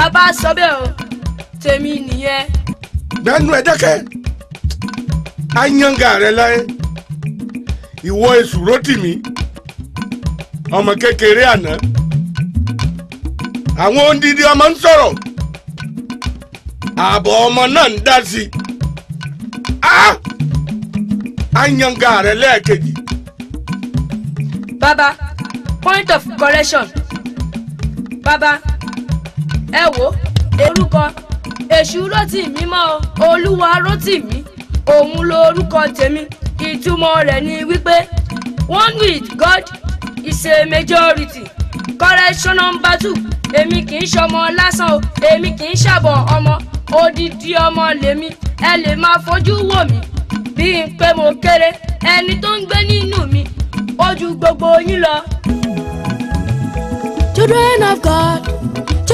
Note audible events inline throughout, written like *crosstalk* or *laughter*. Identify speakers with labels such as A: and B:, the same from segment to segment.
A: baba sọ bẹ́ẹ̀ o tèmi nìyẹn.
B: gbẹ́nu ẹ dákẹ́ ayanga rẹ láyé ìwọ èṣù rótì mi ọmọ kékeré àná àwọn ondidi ọmọ ń sọ̀rọ̀ ààbọ̀ ọmọ náà ń dá sí i ayanga rẹ lẹ́ẹ̀kejì. bàbá
A: point of correction baba ẹ wo orúkọ èṣù ló tì mí mọ́ o olúwa ló tì mí òun lorúkọ tèmi ìtumọ̀ rẹ̀ ni wípé one with God is a majority correction number two èmi kì í ṣọmọ lásán o èmi kì í ṣàbọ̀ ọmọ odidi ọmọ lèmi ẹ lè máa fojú wò mí bí n pé mo kéré ẹni tó ń gbé nínú mi ó gbogbo yín lọ. Children of God.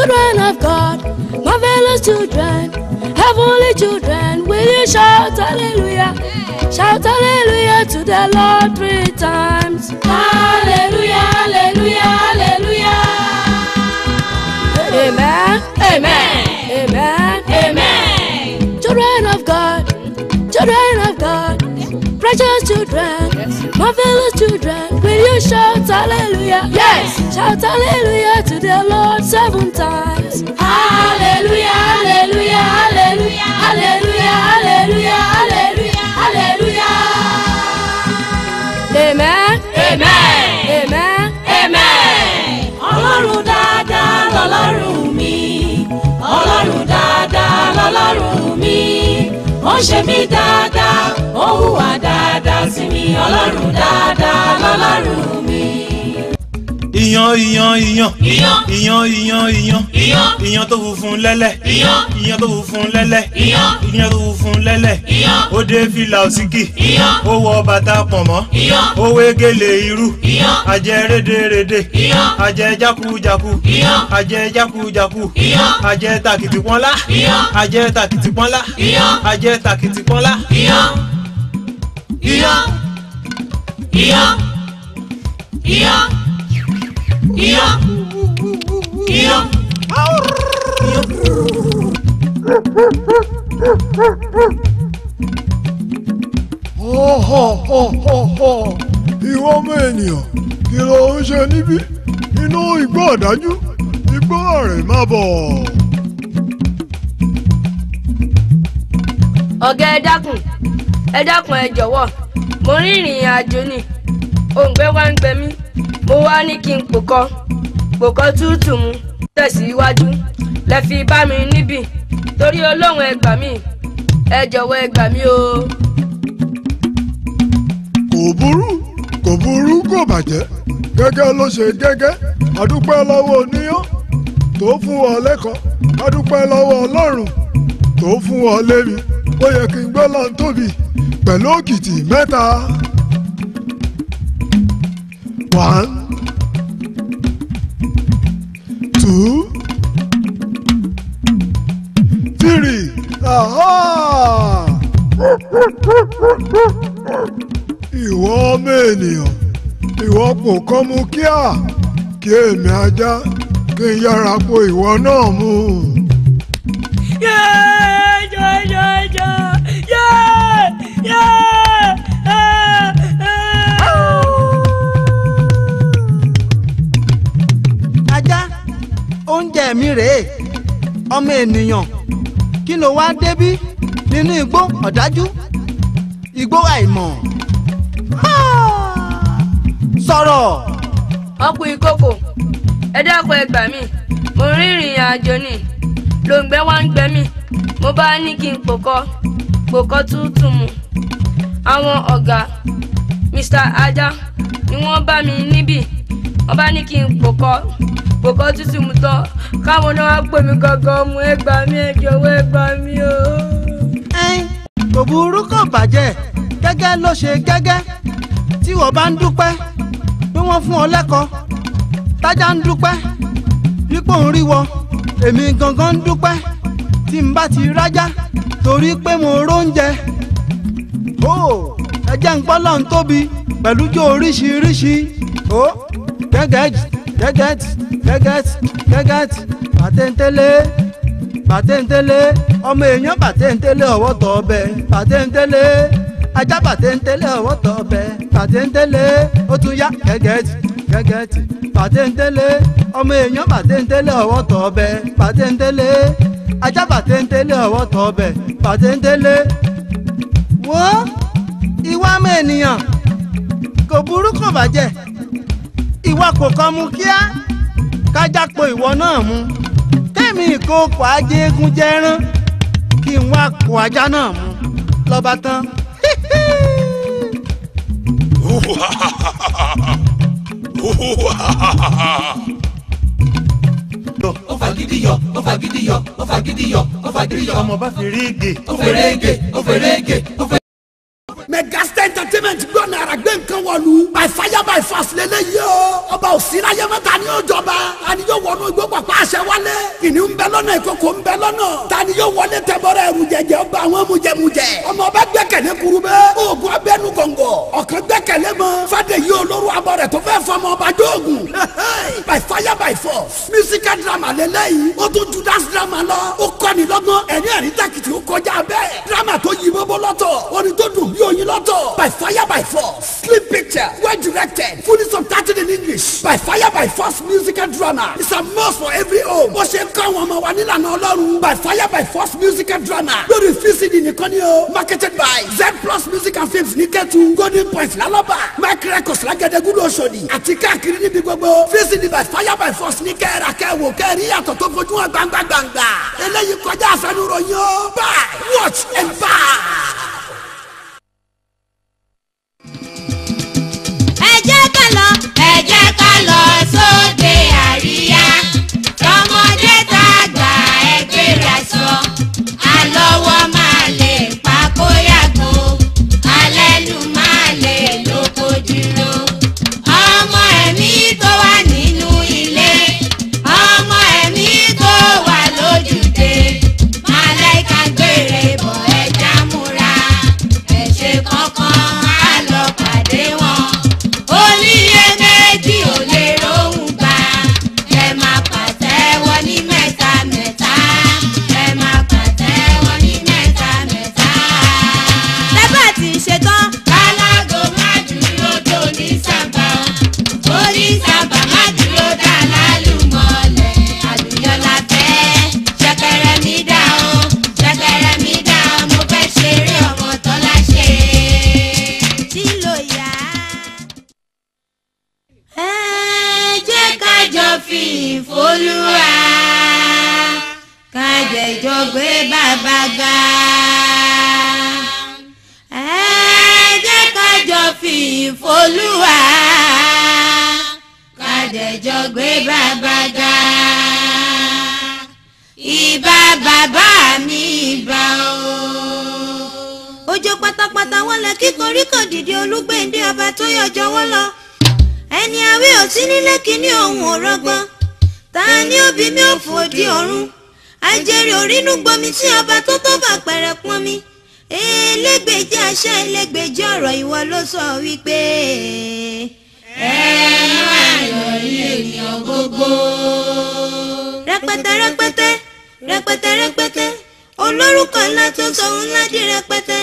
A: children of God, marvelous children, heavenly children, will you shout hallelujah? Shout hallelujah to the Lord three times. Hallelujah, hallelujah, hallelujah. Amen, amen, amen, amen. Children of God, children Precious children, yes. my fellow children, will you shout hallelujah? Yes! Shout hallelujah to the Lord seven times. Hallelujah, hallelujah, hallelujah, hallelujah, hallelujah,
C: hallelujah, hallelujah. Amen. Amen. Amen. Amen. Ọlọ́run dáadáa lọ́lọ́run mi, ọlọ́run dáadáa lọ́lọ́run mi ó ṣe mí dáadáa ó hùwà dáadáa sí mi ọlọ́run dáadáa lọ́lọ́run mi.
B: Ìyàn ìyàn ìyàn ìyàn ìyàn ìyàn ìyàn ìyàn ìyàn tó funfun lẹ́lẹ̀ ìyàn ìyàn tó funfun lẹ́lẹ̀ ìyàn ìyàn tó funfun lẹ́lẹ̀ ó dé fìlà òsìkì ó wọ bàtà pọ̀nmọ́ ó wé gèlè irú àjẹ rédèrèdè àjẹ jákujàku àjẹ jákujàku àjẹ takìtìpọ́nlá àjẹ takìtìpọ́nlá àjẹ takìtìpọ́nlá.
D: Iya, iya, iya, iya, iya.
B: Iya ìwọ ọmọ ènìyàn kí ló ń ṣe níbí inú igbó ọ̀dájú igbó rẹ̀ má bọ̀.
A: ọ̀gá ẹ dákun ẹ dákun ẹ jọ̀wọ́ mo rí ìrìn àjò ni òǹgbẹ wá ń gbẹ mí mo wá ní kí n pòkọ pòkọ tútù mu tẹ̀síwájú lẹ fi bá mi níbí torí olóhùn ẹ gbà mí ẹ jọ̀wọ́ ẹ gbà mí o.
B: kò burú kò burú kò bàjẹ́ gẹ́gẹ́ ló ṣe gẹ́gẹ́ adúpẹ́ lọ́wọ́ oníyàn tó fún ọ lẹ́kọ̀ọ́ adúpẹ́ lọ́wọ́ ọlọ́run tó fún ọ lémi ó yẹ kí n gbé lọ́n tóbi pẹ̀lú òkìtì mẹ́ta. one two three. Aha! ìwọ ọmọ ènìyàn ìwọ kò kọ́ mu kíá kí èmi ajá kí n yára po ìwọ náà mu. ajá oúnjẹ mi rèé ọmọ ènìyàn kí ló wá débí nínú igbó ọ̀dájú igbó àìmọ̀ sọ̀rọ̀.
A: ọkù ìkókò ẹ dákun ẹ gbà mí mo rí ìrìn àjò ni lòǹgbẹ wá ń gbẹ mí mo bá ní kí n pòkọ pòkọ tuntun mu àwọn ọ̀gá Mr. Ajá ni wọ́n bá mi níbí wọ́n bá ní kí n pòkọ pòkọ tuntun mu tán káwọn náà wá pè mí gangan mu ẹ
B: gbà mí ẹ jọ̀wọ́ o. kò burú bàjẹ́ gẹ́gẹ́ ló ṣe gẹ́gẹ́ tí wọ́n bá ń dúpẹ́ pé wọ́n fún ọ lẹ́kọ̀ọ́ tájà ń dúpẹ́ wípé òun rí wọ èmi gangan ń dúpẹ́ tí n bá ti rájá torí pé mo róúnjẹ ó ẹ jẹ́ ń gbọ́ lọ́n tóbi pẹ̀lú jó oríṣiríṣi ó gẹ́gẹ́tì gẹ́gẹ́tì gẹ́gẹ́tì gẹ́gẹ́tì pàtẹ́ńtẹ́lẹ́ pàtẹ́ńtẹ́lẹ́ ọmọ èèyàn pàtẹ́ńtẹ́lẹ́ ọwọ́ tọ́ ọbẹ̀ pàtẹ́ńtẹ́lẹ́ ajá pàtẹ́ńtẹ́lẹ̀ ọwọ́ tọ̀ bẹ́ pàtẹ́ńtẹ́lẹ̀ ó tún yá gẹ́gẹ́tì gẹ́gẹ́tì pàtẹ́ńtẹ́lẹ̀ ọmọ èèyàn pàtẹ́ńtẹ́lẹ̀ ọwọ́ tọ̀ bẹ́ pàtẹ́ńtẹ́lẹ̀ ajá pàtẹ́ńtẹ́lẹ̀ ọwọ́ tọ̀ bẹ́ pàtẹ́ńtẹ́lẹ̀ wo ìwà ọmọ ènìyàn kò burú kò bàjẹ́ ìwà kò kọ́ mu kíá kájá po ìwọ náà mu kémi ìkókò ajé eégún jẹ́rán kí n wá kó ajá náà mu lọ́ba tán
E: ó fagidi yọ ó fagidi yọ ó fagidi yọ yọ ọmọ bá fèrè ègè ó fèrè ègè ó fèrè ègè ó megastar entertainment gbọ́ náírà gbé nǹkan wọ̀lú by fire by fast lélẹ́yìí o ọba òsínlá yẹmẹta ni yóò jọba ani yóò wọnú igbó pàpà àṣẹ wálé kìnìún ń bẹ lọ́nà ìkókò ń bẹ lọ́nà tani yóò wọlé tẹbọrọ ẹrù jẹjẹ ọba àwọn mujẹmujẹ ọmọ ọba gbẹ́kẹ̀lé kurubẹ oògùn abẹnú gọ̀ǹgọ̀ ọ̀kan gbẹ́kẹ̀lé mọ fàdé yìí olórí abọ rẹ tó fẹ́ *laughs* by fire by force musical drama lélẹ́yìí ó tún judas drama lọ ó kọ́ni lọ́gbọ́n ẹ̀ní ẹ̀rí takìtì ó kọjá bẹ́ẹ̀ drama tó yí bọ́bọ́ lọ́tọ̀ orin tó dùn bí oyin lọ́tọ̀. by fire by force. sleep picture well directed fully subtitled in english. by fire by force musical drama It's a must for every home. bó ṣe ń kọ́ àwọn ọmọ wa nílànà ọlọ́run. by fire by force musical drama lórí fcd nìkan ni o. marketed by z plus music and films ní kẹ́tù golden point lálọ́bà mike records lágẹ̀dẹ̀gúdú ọ̀ṣọ́dì àti káàkiri níbi gbogbo fcd by fire by force ní kẹ́ra kẹ́wò kẹ́rí yàtọ̀ tó fojú hàn gbangba gbangba. eléyìí kọjá àfẹnuròyìn o. buy watch and buy.
C: jọ fi ìfolúwa kájẹjọ gbé bàbá ga. ẹ jẹ́ kájọ fi ìfolúwa bàbá ga. ìbà bàbá mi ìbà o ọjọ́ pátápátá wọn lẹ kí koríko dìde olúgbèǹde ọba tó yọjọ wọn lọ ẹni àwí ò sí nílé kíní ohun ò ta ni òbí mi ò fòdì ọ̀run àjẹrè òrínú gbomi tí ọba tó tó bà pẹ̀rẹ̀ pọ́n mi elégbèjì àṣà elégbèjì ọ̀rọ̀ ìwọ ló sọ wípé. ẹ máa lọ rí ènìyàn gbogbo. rẹpẹtẹ rẹpẹtẹ rẹpẹtẹ rẹpẹtẹ olórúkọ ńlá tó sọ ńlá di rẹpẹtẹ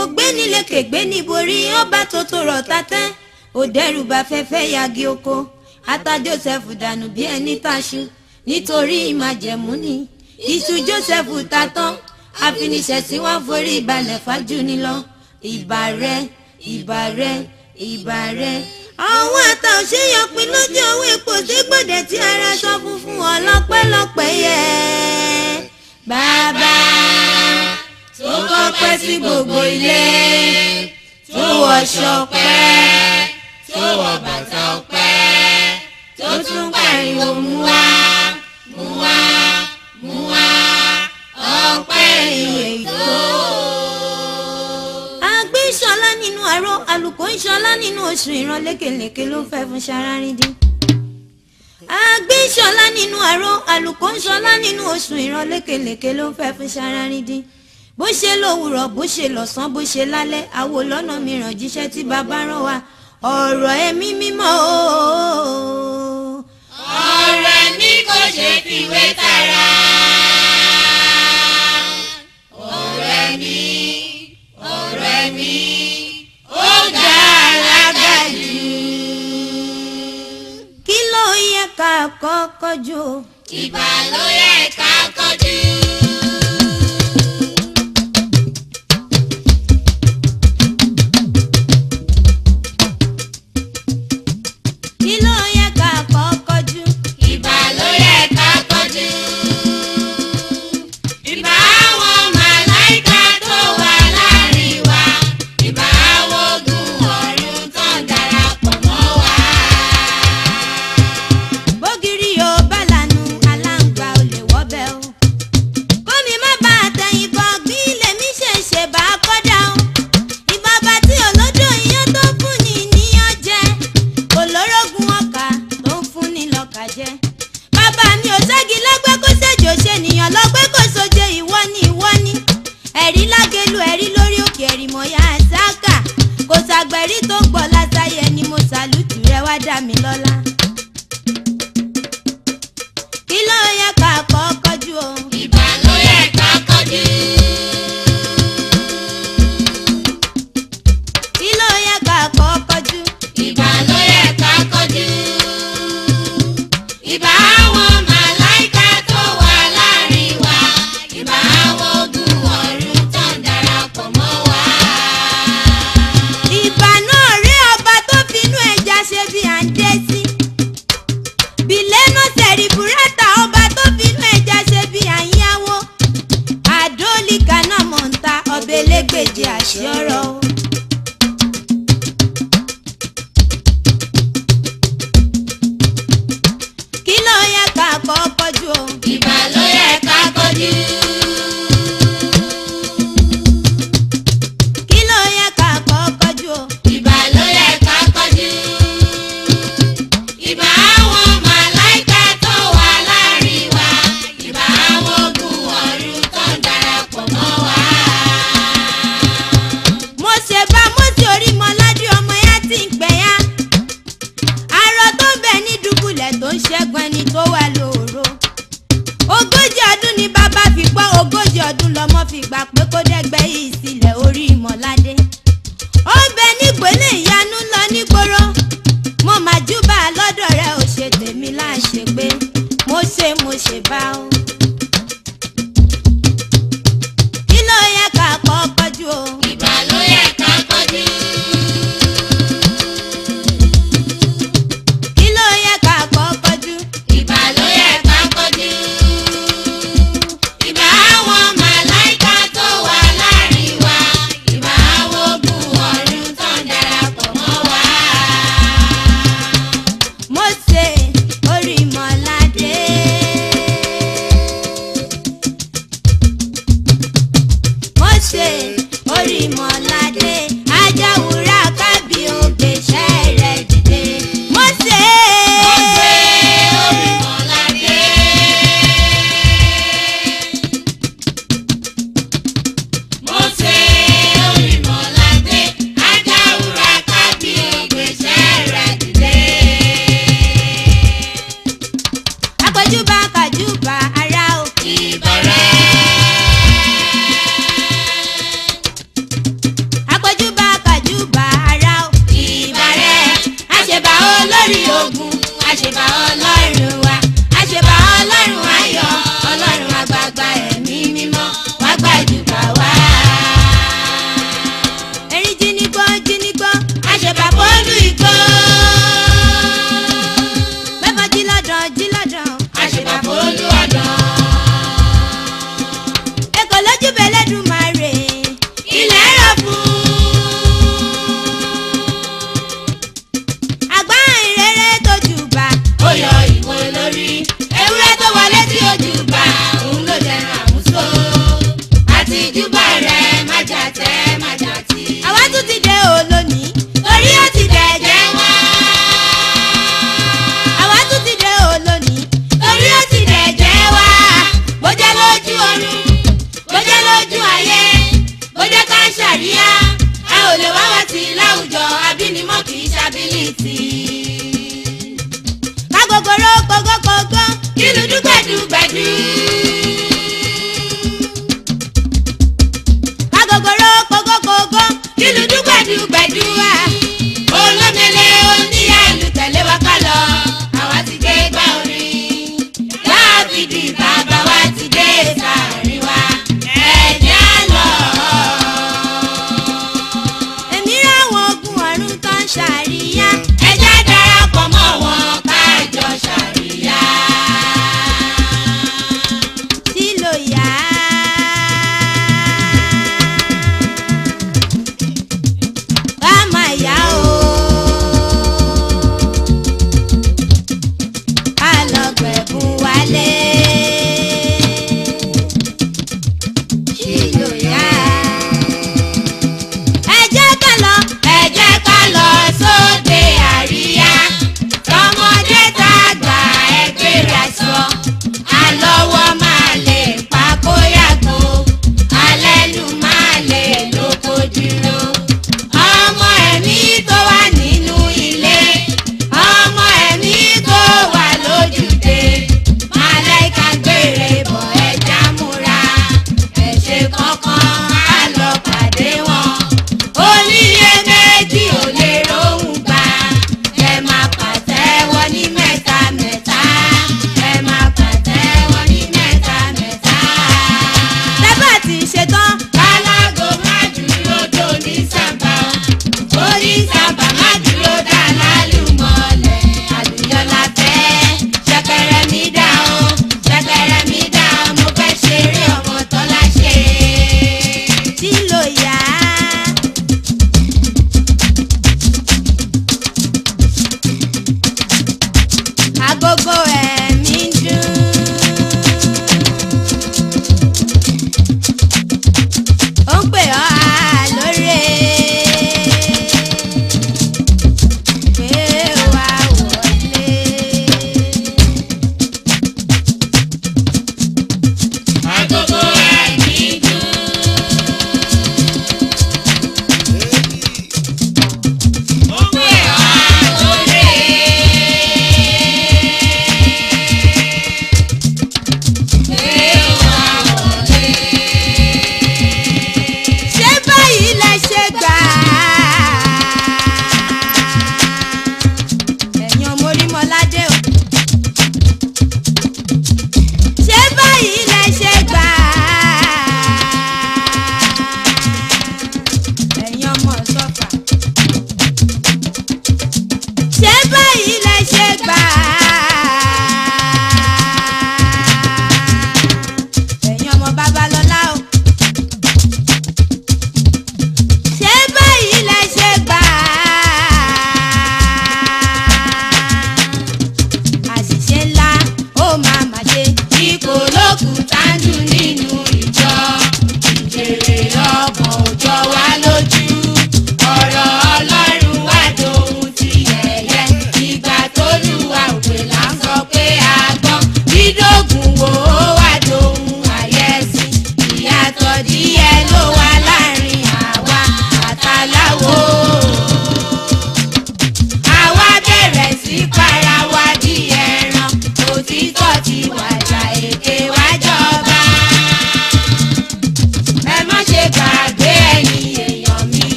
C: ògbénilẹkẹgbẹ níborí ọba tó tó rọ tatẹ ó dẹ́rù bá fẹ́fẹ́ yagi oko ata Joseph dànù bí ẹni táṣu nítorí ìmàjẹ̀mú ni iṣu Joseph ta tán àfinisẹ̀sí wá forí balẹ̀ fájú ni lọ ìbà rẹ ìbà rẹ ìbà rẹ. àwọn ata òṣèyàn pin lójú owó epo dégbòdè tí ara sọ funfun ọlọ́pẹ́lọpẹ́ yẹ bàbá tó kọ́ pẹ́ sí gbogbo ilé tó wọṣọ pẹ́ tó
D: wọ bàtà ọ̀pẹ
C: tó tún pariwo mú wá mú wá mú wá ọ̀pẹ ìyẹ̀gbọ́. àgbẹ̀ ìṣọ̀lá nínú àrò àlùkò ìṣọ̀lá nínú oṣù ìran lékelèké ló fẹ́ fún ṣarárídìí agbésọlá nínú àrò àlùkò ńsọlá nínú oṣù ìran lékelèké ló fẹ́ fún Ṣarárídìí bó ṣe lówùrọ̀ bó ṣe lọ́sàn bó ṣe lálẹ́ àwo lọ́nà mìíràn jíṣẹ́ tí bàbá rán wa ọ̀rọ̀ ẹ̀mí mímọ́ o. ọ̀rọ̀ ẹ̀mí kò ṣe fìwé tara. ọ̀rọ̀ ẹ̀mí ọ̀rọ̀ ẹ̀mí ó ga alága jù. kí ló yẹ ká kọ́kọ́ jù. ìbà ká kọ́kọ́ ọ̀rọ̀ kọ̀gọ́kọ̀gọ́ kìlù dúgbàdúgbàdú.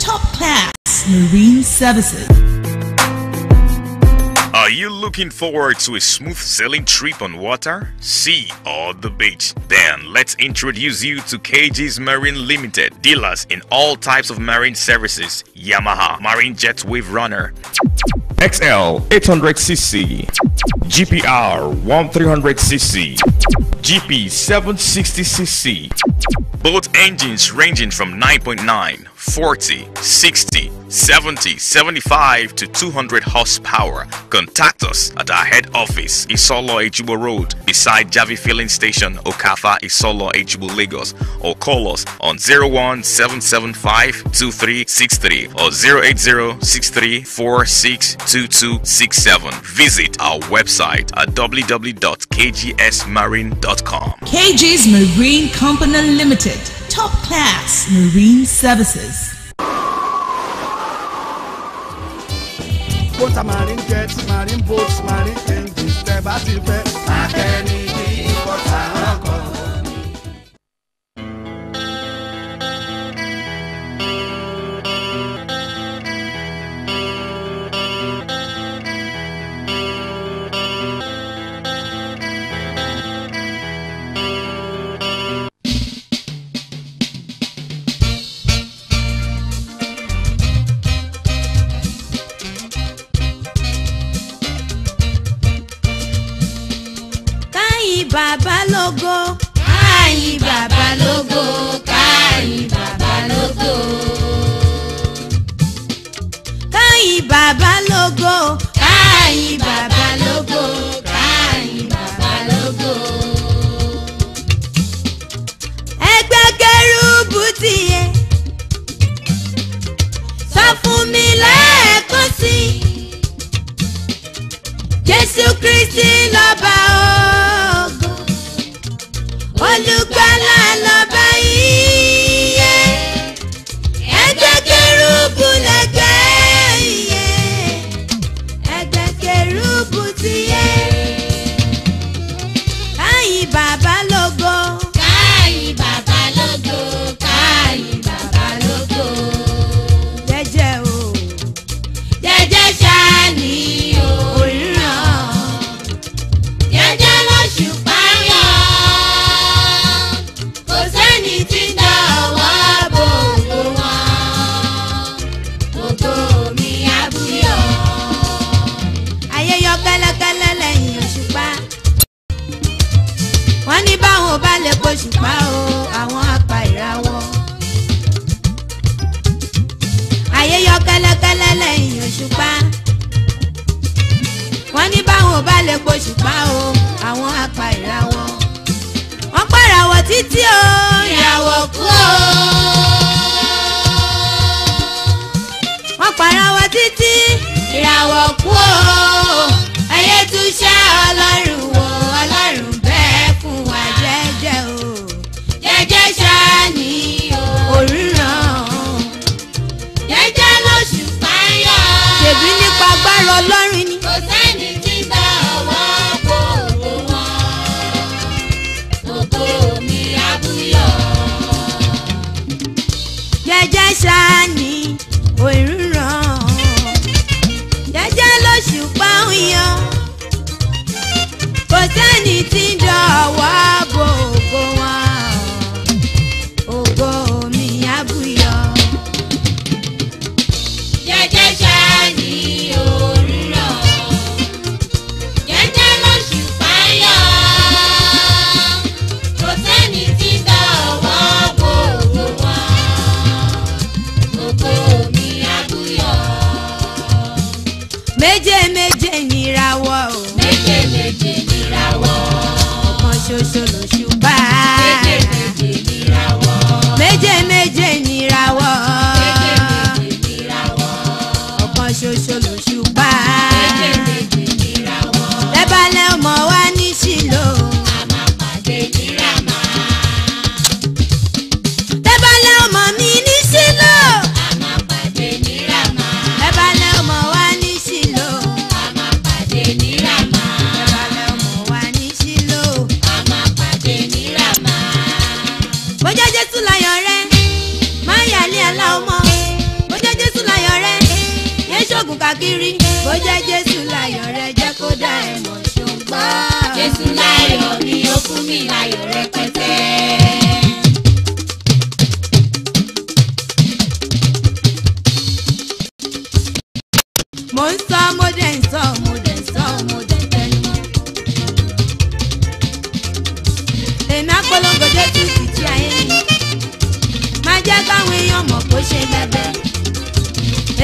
C: top class marine services.
F: Are you looking forward to a smooth sailing trip on water, sea or the beach? Then let's introduce you to KG's Marine Limited, dealers in all types of marine services, Yamaha, Marine Jet Wave Runner, XL 800cc, GPR 1300cc, GP 760cc. Both engines ranging from 9.9 40, 60, 70, 75 to 200 horsepower. Contact us at our head office, Isolo Ejibo Road, beside Javi Filling Station, Okafa, Isolo Ejibo, Lagos, or call us on 01775 2363 or 08063462267. Visit our website at www.kgsmarine.com.
C: KG's Marine Company Limited top class marine services.
B: marine marine boats, marine engines,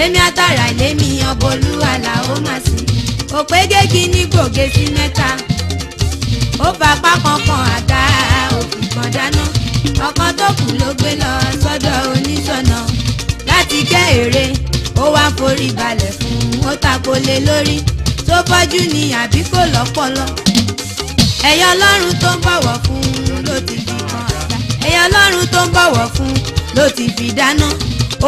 C: èmi àtàrà ìlémi ọbọlúwa làó máa sí òpégégi ní gbòógè sí mẹ́ta ó bá pápákan àga òfin kan dáná ọkàn tó kù ló gbé lọ sọ́dọ̀ oníṣọ̀nà láti kẹ́ èrè ó wá forí balẹ̀ fún ó takole lórí tó bọ́jú ni àbí kò lọ́pọlọ ẹ̀yọ́ ọlọ́run tó ń bọ̀wọ̀ fún ló ti fi kan àga ẹ̀yọ́ tó ń bọ̀wọ̀ fún ló ti fi dáná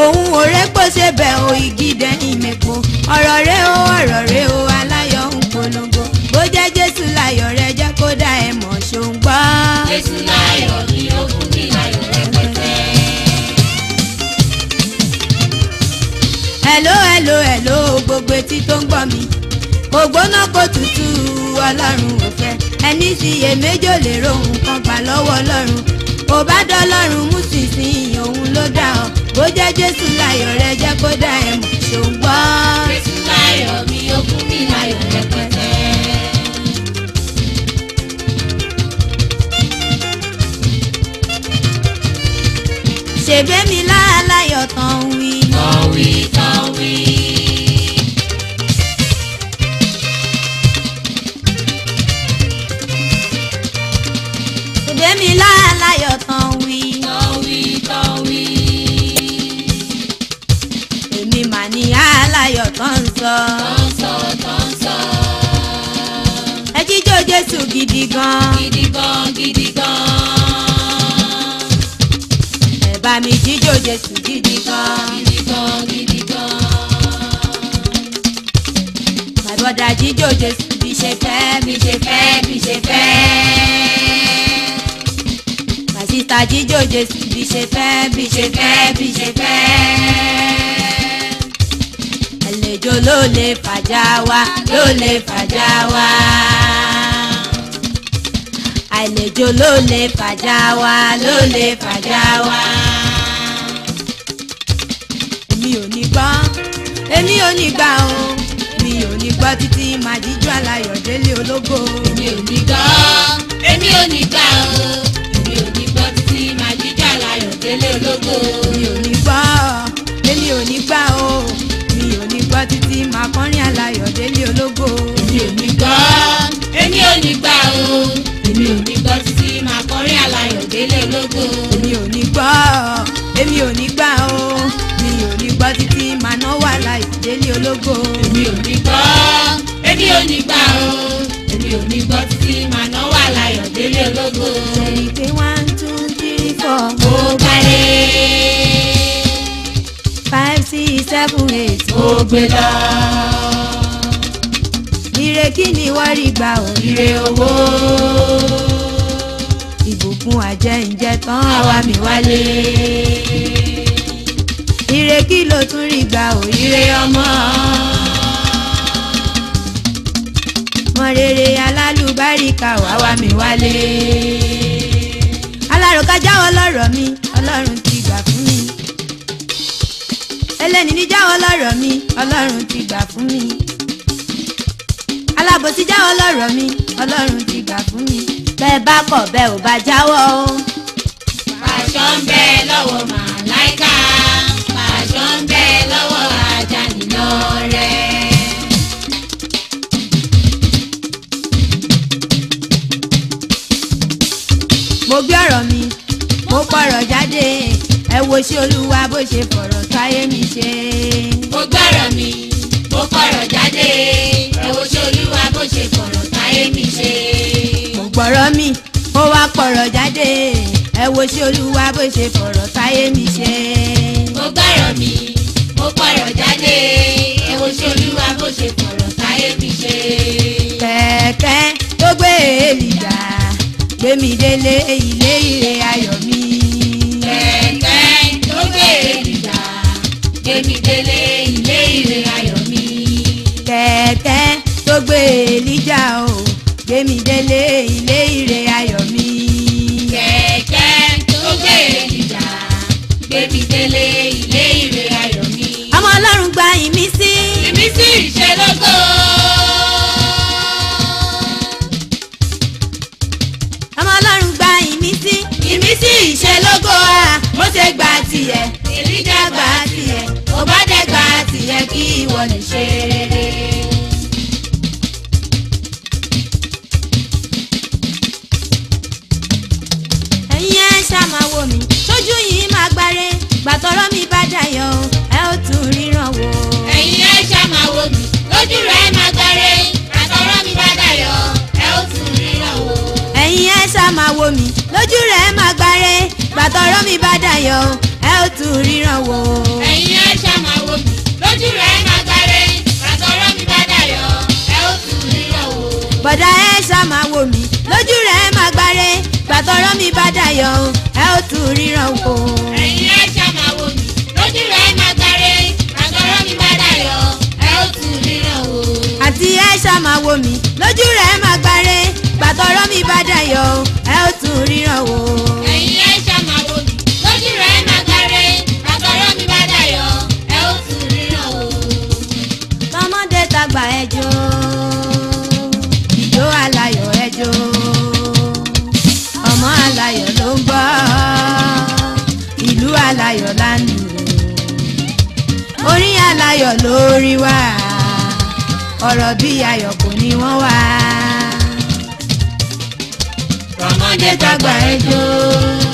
C: òun ò rẹ́pọ̀ ṣe bẹ̀ o igi dẹ́yìn mẹ́po ọ̀rọ̀ rẹ o ọ̀rọ̀ rẹ o aláyọ̀ ń polongo bó jẹ́ jésù láyọ̀ rẹ jẹ́ kó dá ẹ mọ̀ ṣó ń gbọ́. jésù
D: láyọ̀ ni ó fún mi láyọ̀ rẹpẹtẹ.
C: hello hello hello gbogbo etí tó ń gbọ́ mi ògbóná kò tutù ọlọ́run ò fẹ́ ẹni sì yè méjì ò lè ro nǹkan gbà lọ́wọ́ ọlọ́run ò bá dọlọ́run mú sísìn ìyàn òun ló dá ọ bó jẹ́ jésù láyọ̀ rẹ jẹ́ kó dá ẹ mọ̀ ṣó ń gbọ́. jésù láyọ̀ mi ó fún mi láyọ̀ rẹpẹtẹ. ṣèbémi láàláyọ̀ tán wí. tán wí
D: tán wí.
C: tọ́nsọ. tọ́nsọ tọ́nsọ. ẹ jíjó Jésù gidi gan. gidi gan gidi gan. ẹ bá mi jíjó Jésù gidi gan. gidi gan gidi gan. my brother jíjó Jésù bí ṣe fẹ́ bí ṣe fẹ́ bí ṣe fẹ́. my sister jíjó Jésù bí ṣe fẹ́ bí ṣe fẹ́ bí ṣe fẹ́ àlejò ló lè fàjà wá ló lè fàjà wá àlejò ló lè fàjà wá ló lè fàjà wá. èmi ò ní gbọ́ èmi ò ní gbà o mi ò ní gbọ́ títí màá jíjọ́ aláyọ̀ délé ológo. èmi ò ní gbọ́ èmi ò ní gbà o èmi ò ní gbọ́ títí màá jíjọ́ aláyọ̀ délé ológo. délé ológo. èmi ò ní gbọ́ èmi ò ní gbà o èmi ò ní gbọ́ títí máa kọrin aláyọ̀ délé ológo. èmi ò ní gbọ́ èmi ò ní gbà o mi ò ní gbọ́ títí máa ná wà láyọ̀ ológo. èmi ò ní gbọ́ èmi ò ní gbà o èmi ò ní gbọ́ títí máa ná wà láyọ̀ ológo. sẹ́ni one two three four. ó kárẹ̀. five six seven eight. ó gbé lọ kí ni wọ́n rí gbà òrìrè owó. ìbùkún àjẹǹjẹ tán àwa mi wálé. ire kí ló tún rí gbà òrìrè ọmọ. mọ̀rẹ̀rẹ̀ alálùbáríkà wà wá mi wálé. alárùkájáwọ́ lọ́rọ̀ mi ọlọ́run ti gbà fún mi. ẹlẹ́ni níjáwọ́ lọ́rọ̀ mi ọlọ́run ti gbà fún mi alábòsí jáwọ́ lọ́rọ̀ mi ọlọ́run ti gbà fún mi bẹ́ẹ̀ bá kọ̀ bẹ́ẹ̀ ò bá jáwọ́ o. pàṣọ ń bẹ lọ́wọ́ màláìka pàṣọ ń bẹ lọ́wọ́ ajanilọ́rẹ. mo gbé ọ̀rọ̀ mi mo pọ̀rọ̀ jáde ẹ wo ṣé olúwa bó ṣe fọ̀rọ̀ tó mi ṣe. mo gbọ́rọ̀ mi ó kọ̀rọ̀ jáde ẹ wo ṣe olúwa bó ṣe kọ̀rọ̀ táyé mi ṣe. kò gbọ́rọ̀ mi ó wá kọ̀rọ̀ jáde ẹ wo ṣe olúwa bó ṣe kọ̀rọ̀ táyé mi ṣe. mo gbọ́rọ̀ mi mo kọ̀rọ̀ jáde ẹ wo ṣe olúwa bó ṣe kọ̀rọ̀ táyé mi ṣe. kẹ̀kẹ́ tó gbé èlì dà gbé mi délé ilé ire ayọ̀ mi. èlíjà o gbémi dele ile ire ayọ̀ mi. kẹ̀kẹ́ tó gbé èlíjà gbémi délé ilé ire ayọ̀ mi. ọmọ ọlọ́run gba ìmísí. ìmísí ìṣelógo. ọmọ ọlọ́run gba ìmísí. ìmísí ìṣelógo a mo ṣe gba tiẹ̀. ojú rẹ̀ máa gbẹrẹ àtọ̀rọ̀ mi bá dàyọ̀ ẹ ó tún ríran wò. ẹ̀yin ẹ ṣáà máa wo mi lójú rẹ̀ máa gbẹrẹ gbàtọ̀rọ̀ mi bá dàyọ̀ ẹ ó tún ríran wò. ẹ̀yin ẹ ṣáà máa wo mi lójú rẹ̀ máa gbẹrẹ gbàtọ̀rọ̀ mi bá dàyọ̀ ẹ ó tún ríran wò. bọ̀dá ẹ ṣáà máa wo mi lójú rẹ̀ máa gbẹrẹ gbàtọ̀rọ̀ mi bá dàyọ̀ ẹ ó tún ríran wò. ẹ̀yin ẹ ọ̀rọ̀ mi bá dayọ̀ ẹ ó tún ríran wò. ẹ̀yin ẹ ṣàmàwò mi lójú rẹ̀ máa gàrẹ́ àtọ̀rọ̀ mi bá dayọ̀ ẹ ó tún ríran wò. tọmọdé tàgbà ẹjọ́ ìjó aláyọ̀ ẹjọ́ ọmọ aláyọ̀ ló ń bọ̀ lórí wa ọ̀rọ̀ bí ayọ̀ kò ní wọ́n wá. ọmọdé tàgbà ẹ jó.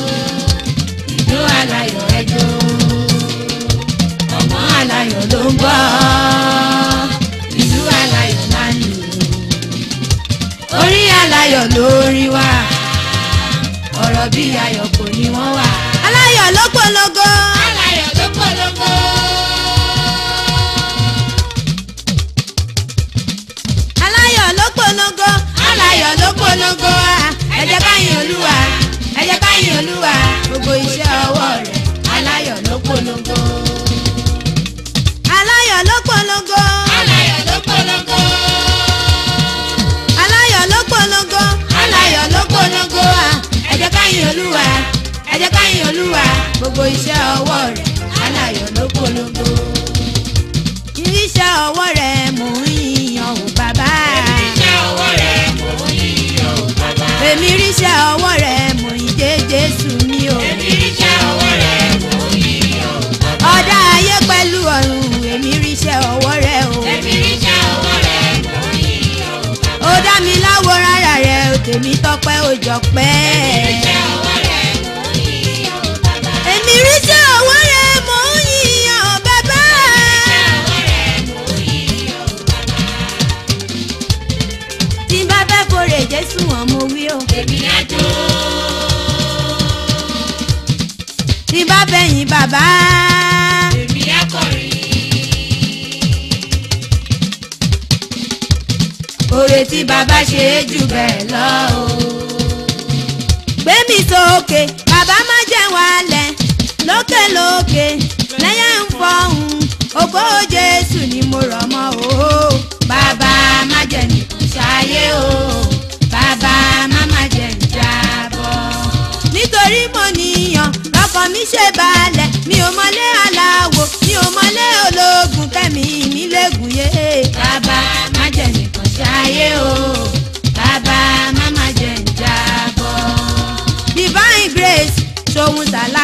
C: ayé o bàbá mama jẹ́ ń jábọ̀. divine grace ṣòun sàlá.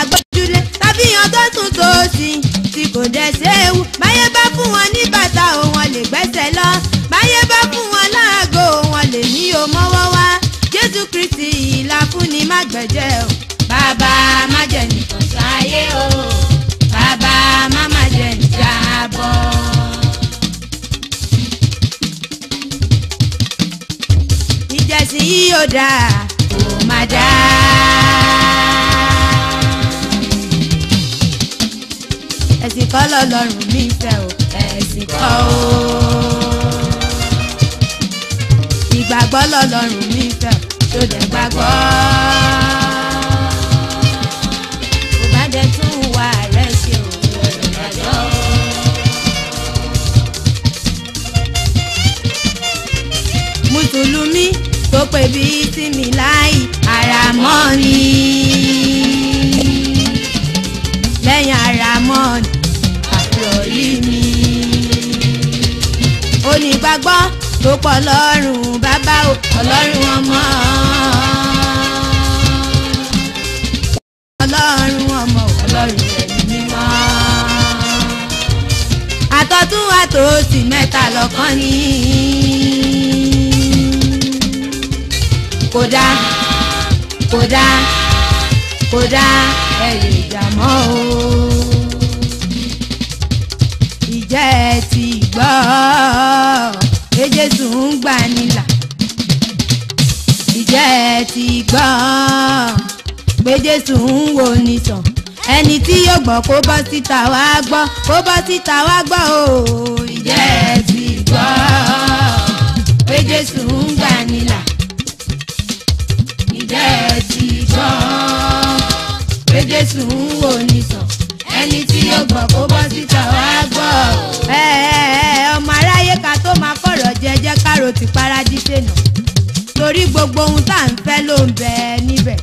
C: síta wá gbọ́ kó bọ́ síta wá gbọ́ o. ǹjẹ́ ẹ ti gbọ́ pé Jésù ń gbà nílà ǹjẹ́ ẹ ti gbọ́ pé Jésù ń wò ní sàn ẹni tí yóò gbọ́ kó bọ́ síta wá gbọ́. ẹ ẹ ọmọ aráyé ká tó máa fọ̀rọ̀ jẹ́jẹ́ kárò ti paradíṣe nà torí gbogbo ohun tá à ń fẹ́ ló ń bẹ níbẹ̀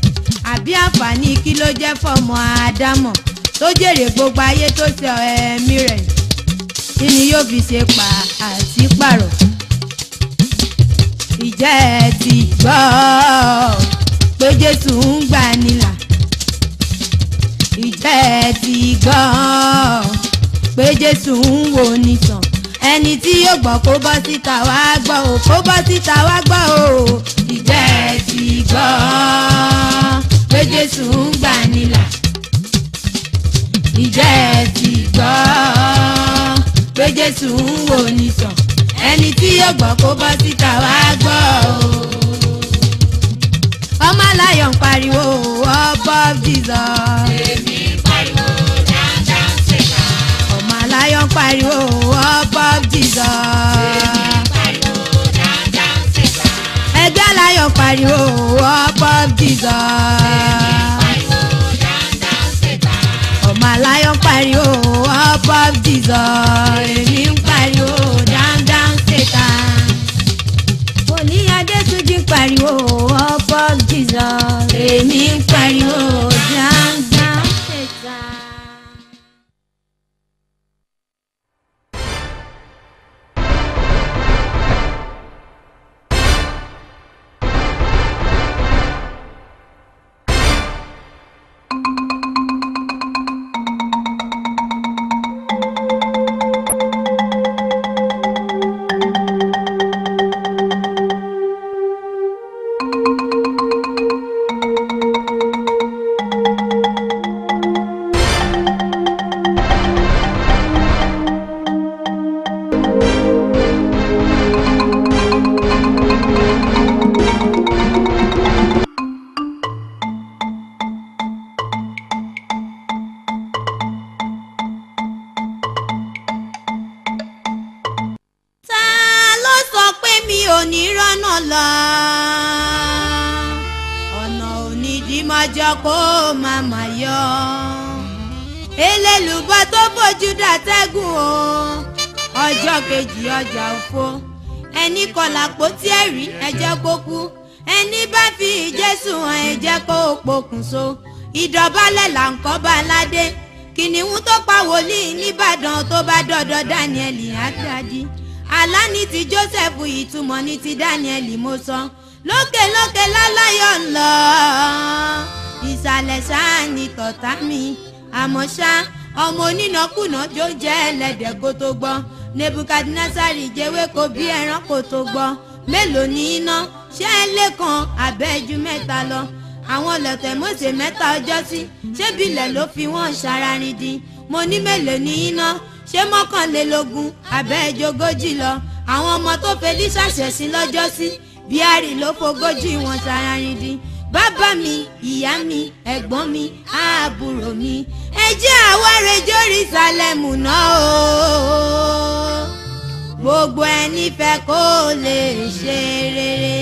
C: àbí àǹfààní kí ló jẹ́ fọmọ àdámọ̀ tó jèrè gbogbo ayé tó ṣe ẹ̀mí rẹ̀ kí ni yóò fi ṣe pa àti pààrọ̀ ìjẹ́ ẹ ti gbọ́ pé Jésù ń gbà nílà ìjẹ́ ẹ ti gbọ́ pé Jésù ń wò nìtàn ẹni tí yóò gbọ́ kó bọ́ síta wá gbọ́ o kó bọ́ síta wá gbọ́ o ìjẹ́ ti gbọ́ pé Jésù ń gbà nílà ìjẹ́ ẹ ti gbọ́ pé Jésù ń wo nìtàn ẹni tí yóò gbọ́ kó bọ́ síta wá gbọ́ o. ọmọ aláyọ̀ ń pariwo ọ̀pọ̀ Jesus.
D: èmi pariwo dandan ṣèkà.
C: ọmọ aláyọ̀ ń pariwo ọ̀pọ̀ Jesus. èmi pariwo dandan ṣèkà. ẹgbẹ́ aláyọ̀ ń pariwo ọ̀pọ̀ Jesus. pop jesus èmi ń pariwo dandan ṣètà wòlíì adétúnjì ń pariwo all pop jesus èmi ń pariwo. yọ kó má má yọ elélùbọ́ tó bójú dàtẹ́gùn o ọjọ́ kejì ọjà òfo ẹni kọlà pótí ẹ̀rí ẹ̀jẹ̀ kó kú ẹni bá fi Jésù hàn ẹ̀jẹ̀ kó pokùnso ìdọ̀bálẹ̀ là ń kọ́ bá aládé kìnìún tó pa wòlíì nìbàdàn tó bá dọ̀dọ̀ Daniel àdájí àlá ní ti Joseph ìtumọ̀ ní ti Daniel mo sọ lókè lókè láláyọ̀ ńlọ ìsàlẹ̀ ṣáà ni tọ̀tá mi àmọ́ ṣá ọmọ onínàkúnà jó jẹ́ ẹlẹ́dẹ̀ kó tó gbọ́ nebukadnasari jẹ́wé kó bí ẹran kó tó gbọ́ mélòó ní iná ṣé ẹ lẹ́kan àbẹ́jú mẹ́ta lọ àwọn ọlọ́tẹ̀ mọ́sẹ̀ mẹ́ta ọjọ́ sí ṣébilẹ̀ ló fi wọ́n ṣararin di mo ní mélòó ní iná ṣé mọ́kànlélógún àbẹ́ẹ̀jogójì lọ àwọn ọmọ tó fẹ́ dí ṣàṣẹ̀sìn lọ́jọ́ sí bíárì ló fogójì wọn ṣararin di bàbá mi ìyá mi ẹ̀gbọ́n mi àbúrò mi ẹ jẹ́ àwa rẹ̀ Jerúsálẹ́mù náà o gbogbo ẹni fẹ́ kó lè ṣe rere.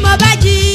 C: mo bá jí.